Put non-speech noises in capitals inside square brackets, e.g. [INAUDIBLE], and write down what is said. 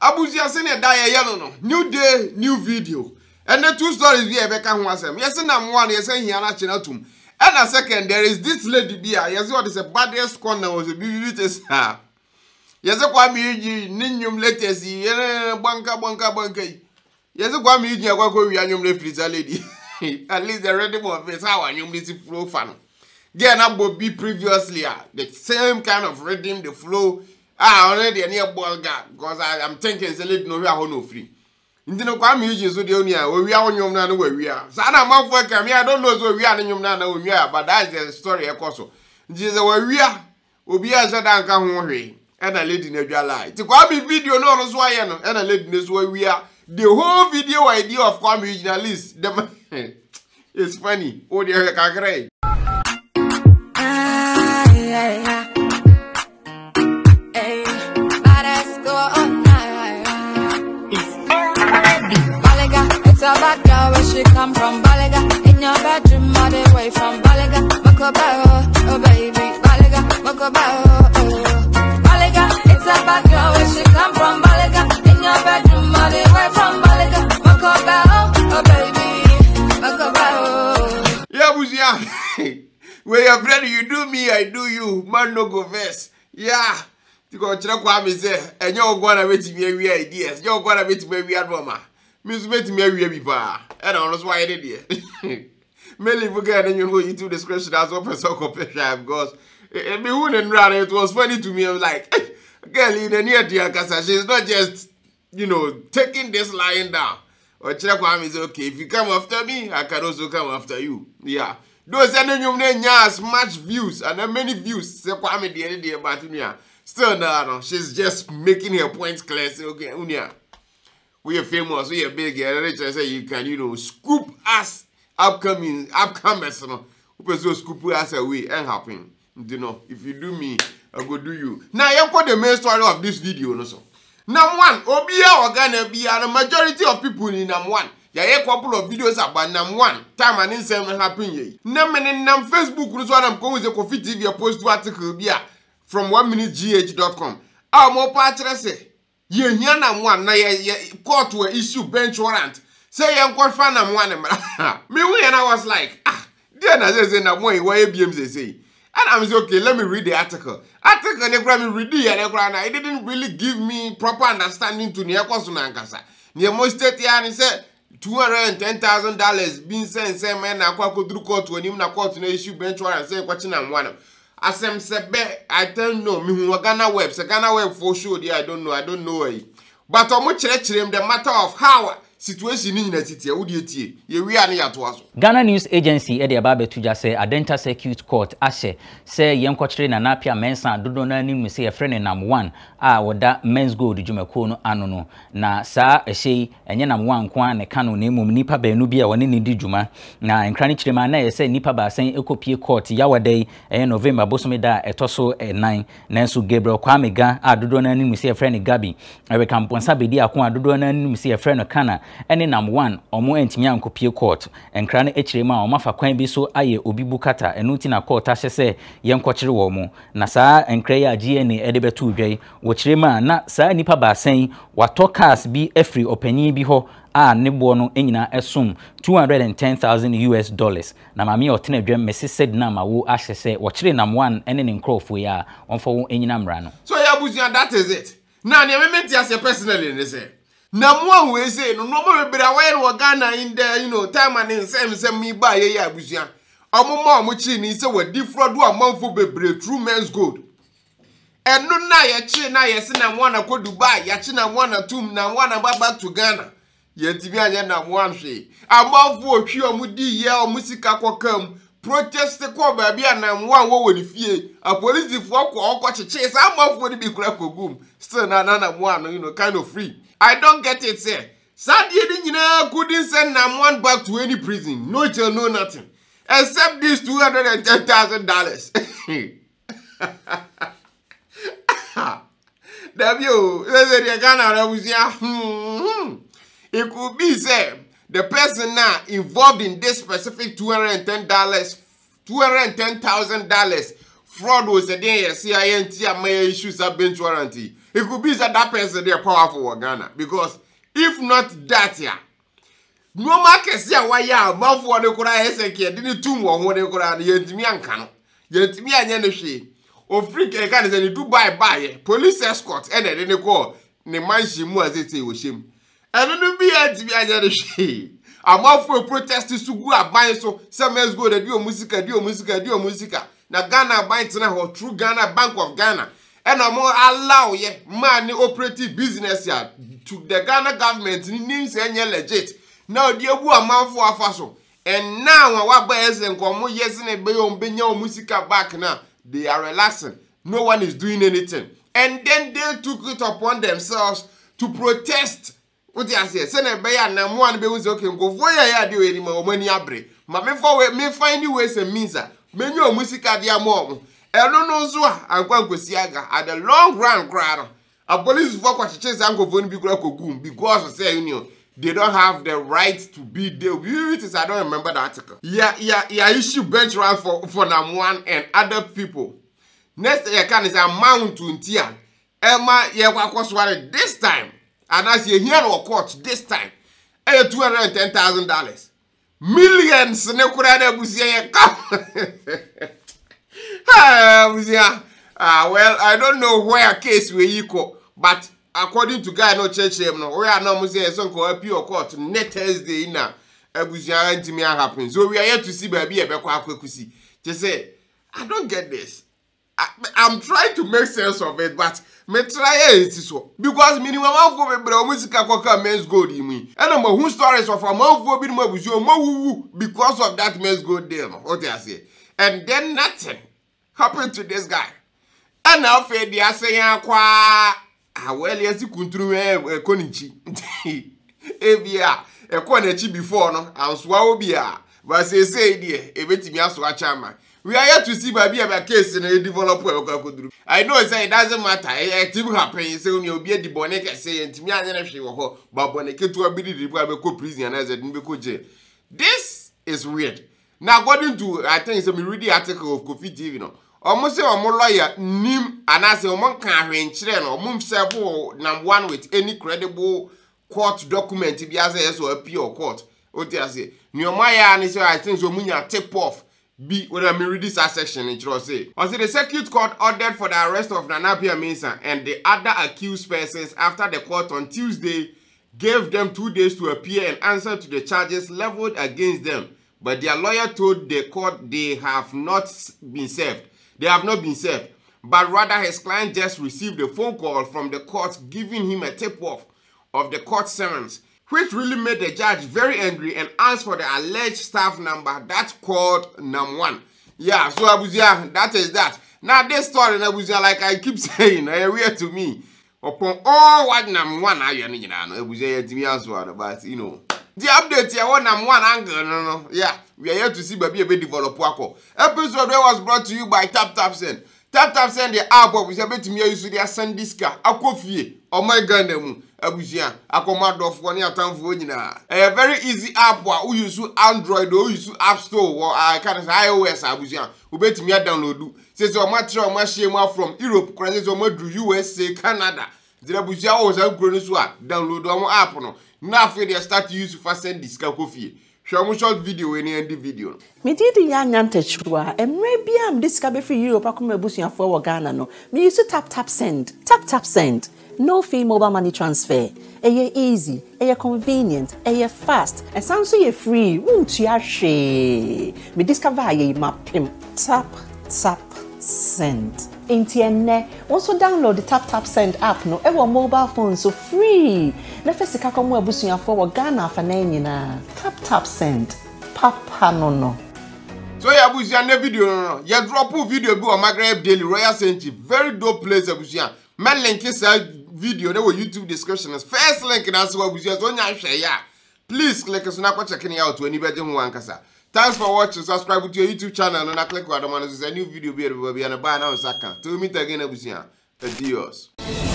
abusua sɛ ne ɛda yɛyɛ no no new day new video ɛnɛ two stories bi a yɛbɛka ho asɛm yɛsɛ na mmoa no yɛsɛ hia no akyena atom ɛna second there is this lady bi a yɛsɛ ɔde sɛ baddest corner wɔ sɛ bibibi te saa yɛsɛ kwame yigyi ne nnwom latest yi yɛne bɔnka bɔnka bɔnka yi yɛsɛ kwame yigyi akɔkɔ wia nnwom no afiri saa lady [LAUGHS] at least the ready for face how nnwom no si flow fa no deɛ na bɔ bi previously a ah, the same kind of rhythm the flow Ah, a ɔno deɛ ne yɛ boil i am thinking sɛ late na owia hɔ na ofiri nti no kwame yi gye so deɛ onua owia wo nwom na no wawia saa na amanfoɔ ka me i don't know sɛ owia ne nwom na na onua but that is the story ɛkɔ so nti sɛ wawia obi a nhyɛ da nka ho hwee ɛna lady no adwa lie nti kwame video no ɔno so ayɛ no ɛna lady no so awia the whole video idea of kwame yi na list dem [LAUGHS] it's funny o deɛ kakra yi. come from Balaga. In your bedroom, all the way from Balaga. Makobaro, oh baby, Balaga, Makobaro, oh. Balaga, it's a bad girl where she come from Balaga. In your bedroom, all the way from Balaga. Makobaro, oh baby, Makobaro. Oh. Yeah, Buzia. [LAUGHS] When your friend you do me, I do you. Man, no go verse. Yeah. Because I'm going to say, and you're going to be ideas. You're going to be a normal. me nso bɛtumi awie bi paa ɛna ɔno nso ayɛ ne deɛ melivu kaa ne nwono youtube description as wɔpɛ sɛ ɔkɔpɛ hwɛ because mehu ne nnura no it was funny to me I'm like eh, girl yi n'ani adi akasa she is not just you know taking this lying down ɔkyerɛ kwame sɛ okay if you come after me I can also come after you yeah those ɛne nnwom no nya as much views and many views sɛ kwame deɛ ne deɛ bato nua still naa no she is just making her point clear say okay unia we are famous, we are big, and they just say you can, you know, scoop us upcoming, upcomers, you know, who so scoop us away ain't happening. You know, if you do me, I go do you. Now, you call the main story of this video, no so. Number one, Obia or Ghana, be the majority of people in number one. a couple of videos about number one time a ne nsɛm no happen yɛ yi na mene nam facebook no so anam kɔhu sɛ kofi tv apost article bi a from 1 minute gh com a ɔmɔpɔ akyerɛ sɛ yɛhia nam one na yɛ court were issue bench warrant sɛ yɛnkɔfa nam one mmara [LAUGHS] ah, mewu yɛn i was like ah deɛ na sɛ sɛ nam one wɔyɛ biem sɛsɛi and i'm say okay let me read the article article ne kora me read yɛ ne kora na it didn't really give me proper understanding to neɛ kɔ so na ankasa neɛ mo state ya ne sɛ two hundred and ten thousand dollars bi nsɛnsɛn mɛ na akɔ akɔduru court wɔ him na court na issue bench warrant sɛ yɛkɔkye nam one asɛm sɛ bɛ i don't know mehu wɔ ghana web sɛ ghana web fo show deɛ i don't know i don't know ayi but ɔmo kyerɛkyerɛ mu the matter of how situation ni nyina titie wo de tie ye wi ane yatoa so Ghana News Agency e de ba betuja se Adenta Circuit Court ahyɛ sɛ yɛn kɔkyere na napia mensa dodo na ni mu se yɛfrɛ ne nam 1 a wɔda men's gold dwumakuo no ano no na sa ɛhyɛ yi ɛnyɛ nam 1 nko ne kanu no mum mmom nipa baanu bi a wɔne ne di dwuma na nkra ne ma na yɛ sɛ nipa baasan ekɔpie court yawada yi ɛyɛ eh, November bosome da ɛtɔ eh, so ɛnan eh, nanso Gabriel kwamega Ga a dodo na ni mu se yɛfrɛ ne Gabi Erika Mponsa bedi ako a dodo na ni mu se yɛfrɛ Kana ɛne nam one ɔmo ntumi ankopie court nkra no akyire mu a ɔmo afa kwan bi so ayɛ obi bu kata ɛno ti na court ahyɛ sɛ yɛnkɔkyere wɔn mu na saa nkra yi a gna ɛde bɛto dwa yi wɔkyerɛ mu a na saa nipa baasa yi watɔ cars bi afiri ɔpanyin bi hɔ a ne boɔ no nyinaa ɛsom 210,000 US dollars na maame a ɔtena adwam mɛse sɛd na ma wo ahyɛ sɛ wɔkyere nam one ne ne nkurɔfoɔ yi a wɔmfa wɔn nyina mmara no. so yɛ abusua that is it na nea mɛmɛ ti ase personally ne sɛ na mu a wee se no nneɛma bebree a wɔyɛ no wɔ ghana yi dɛ you know time a ne nsɛm nsɛm yi ba a yɛyɛ abusua ɔmo ma ɔmo kyi ne sɛ wɔdi fura do amanfo bebree true men's gold ɛno na yɛkyi na yɛsi na mu ana kɔ dubai yɛkyi na mu ana tum na mu ana baba to ghana yɛntumi anyɛ na mu ahwee amanfo otwi ɔmo di yɛ ɔmo sika kɔkam protest kɔ baabi a namu a wɔwɔ ne fie apolisifoɔ kɔ ɔkɔ kyekyee saa amanfoɔ no bi kura kɔgum still na na na mu ano you know kind of free. I don't get it, sir. Sadly, you know, couldn't send one back to any prison. No jail, no nothing. Except this $210,000. [LAUGHS] W, hmm, hmm. it could be, sir, the person now involved in this specific $210, $210,000 fraud was a C.I.N.T. and I ain't my issues are bench warranty. It could be that that person they are powerful for Ghana because if not that yeah, nneɛma kɛse a why a ɔmanfoɔ no koraa ayɛ sɛ nkeɛ de ne tum wɔn ho ne koraa no yɛntumi anka no yɛntumi anyɛ no hwee ofiri kɛka ne sɛ ne dubai baeɛ police escort ɛna ɛde ne kɔɔ ne mansion mu a sɛsɛ wɔ hyɛm ɛno no bi yɛntumi anyɛ no hwee amanfoɔ protest so go aban so sɛ mesgo go de ɔmo sika de ɔmo sika de ɔmo sika na ghana buy tena hɔ True ghana bank of ghana ɛna mo allow yɛ mmaa ne operative business a to the ghana government nim sɛ ɛnyɛ legit na ɔde ebu amanfo afa so ɛna wɔn a waba ɛsɛ nkɔmɔ yɛ sɛ na ebe yɛ wɔn benya wɔn sika back na they are relaxing no one is doing anything and then they took it upon themselves to protest wote aseɛ sɛnɛ ɛbɛyɛ anamoa no bɛhu sɛ ok nkɔfoɔ yɛ yɛ adeɛ ɔyɛ ni ma wɔn ani abere ma mefa we mefa any ways and means a menya wɔn sika de ama wɔn ɛno no nso a ankɔ ankɔsi aga at the long run koraa no apolisifoɔ kɔkyekyere saa nkɔfoɔ no bi koraa kɔgum because sɛ you they don't have the right to be there we it is i don't remember the article ya ya ya issue bench run for for one and other people next yɛ ka ne sɛ amount nti a ɛma yɛkɔ akɔsoare this time anaasɛ yɛhia no wɔ court this time ɛyɛ eh, two hundred and ten thousand dollars millions ne koraa na abusua yɛ ka um, yeah, uh, ah, well, I don't know where case we equal, but according to guy no church him no, we are now say so call appeal court next Thursday in a abusua ntimi happen. So we are here to see baby ebekwa akwekusi. Just say, I don't get this. I, I'm trying to make sense of it, but me try it so because minimum amanfo bebree ọmụ sika kọka men's gold yi mu yi ɛna mo hu stories of amanfo bi mu abusuo mo because of that men's gold deal what o say, and then nothing happened to this guy ɛna afei deɛ asɛn akwaa awɛli asi kunturu ɛɛ ɛkɔ ne nkyi ebi a ɛkɔ n'akyi before no ansoa wo bi a baseesei deɛ ebetumi asoa kyama we are yet to see baby, a ba case na develop wɔ kɔ akɔduru i know say it doesn't matter ɛ ti mu happen sɛ omi obi edi bɔne kɛse yɛ ntumi anya ne hwee wɔ hɔ ba bɔne ketewa bi di di bi a bɛkɔ prison anaa ɛsɛ de ne bɛkɔ jail this is weird Now, according to i think say mi read the article of kofi tv no ɔmo sɛ ɔmo lɔya nim anaasɛ ɔmo nka ahwenkyerɛ no ɔmo nsɛfo wɔ nam one with any credible court document bi asɛ yɛ sɛ ɔapi ɔ court wote ase nea ɔmo ayɛ a ne sɛ asen sɛ ɔmo nya tip off bi wɔna mi redi saa section ne kyerɛ ɔse ɔse the circuit court ordered for the arrest of nana pia mensah and the other accused persons after the court on tuesday gave them two days to appear and answer to the charges leveled against them but their lawyer told the court they have not been served They have not been served, but rather his client just received a phone call from the court giving him a tip-off of the court summons, which really made the judge very angry and asked for the alleged staff number that called number one, Yeah, so Abuja, that is that. Now this story in Abuja, like I keep [LAUGHS] saying, are eh, weird to me. Upon all what number one, I am, you know, Abuja, but you know the update yɛ wɔ nam one angle no no yeah we are here to see baby yɛ bɛ develop akɔ episode wey was brought to you by tap tap send tap tap send the app ɔbusua so betumi ayi so de asan diska akɔ fie ɔmo ghana mu abusua akɔmɔ adɔfoɔ ne atamfoɔ nyinaa ɛyɛ very easy app a woyi use android oyi use app store wɔ aka ne sɛ ios abusua wobɛtumi adownloadu sɛ sɛ ɔmo akyerɛ ɔmo ahyia mu from europe kora sɛ sɛ ɔmo usa canada ntina abusua wɔwɔ oh, saa kuro no so a download ɔmo app no na afei deɛ start yusufa sɛ de sika kɔ fie hwɛ ɔmo short video wei ne ɛndi video no. mede di yɛ anya ntakyirwa mmerɛ bi a mede sika bɛfiri europe akɔma abusuafoɔ wɔ ghana no meyiso tap tap send tap tap send no fee mobile money transfer ɛyɛ easy ɛyɛ convenient ɛyɛ fast ɛsan so yɛ free wontua hwee mede sika baa yɛ yi ma pem tap tap send nti ɛnɛ wɔn nso download tap tap send app no ɛwɔ mobile phone so free na fɛ sika kɔn mu abusuafoɔ wɔ ghana afanan nyinaa tap tap send papa no no. so yɛ abusua ne video no no yɛ drop video bi wɔ magreb daily royal sanctuary very dope place abusua mɛ link saa video ne wɔ youtube description first link na ase wɔ abusua so onya ahwɛ yɛ a please click so na akɔ check ne yɛ a ɔtɔ ani bɛgye ho wankasa. Thanks for watching. Subscribe to your YouTube channel and click on the man. There's a new video. Be a new video. Be a new video. Be a new video. Be a new video. Be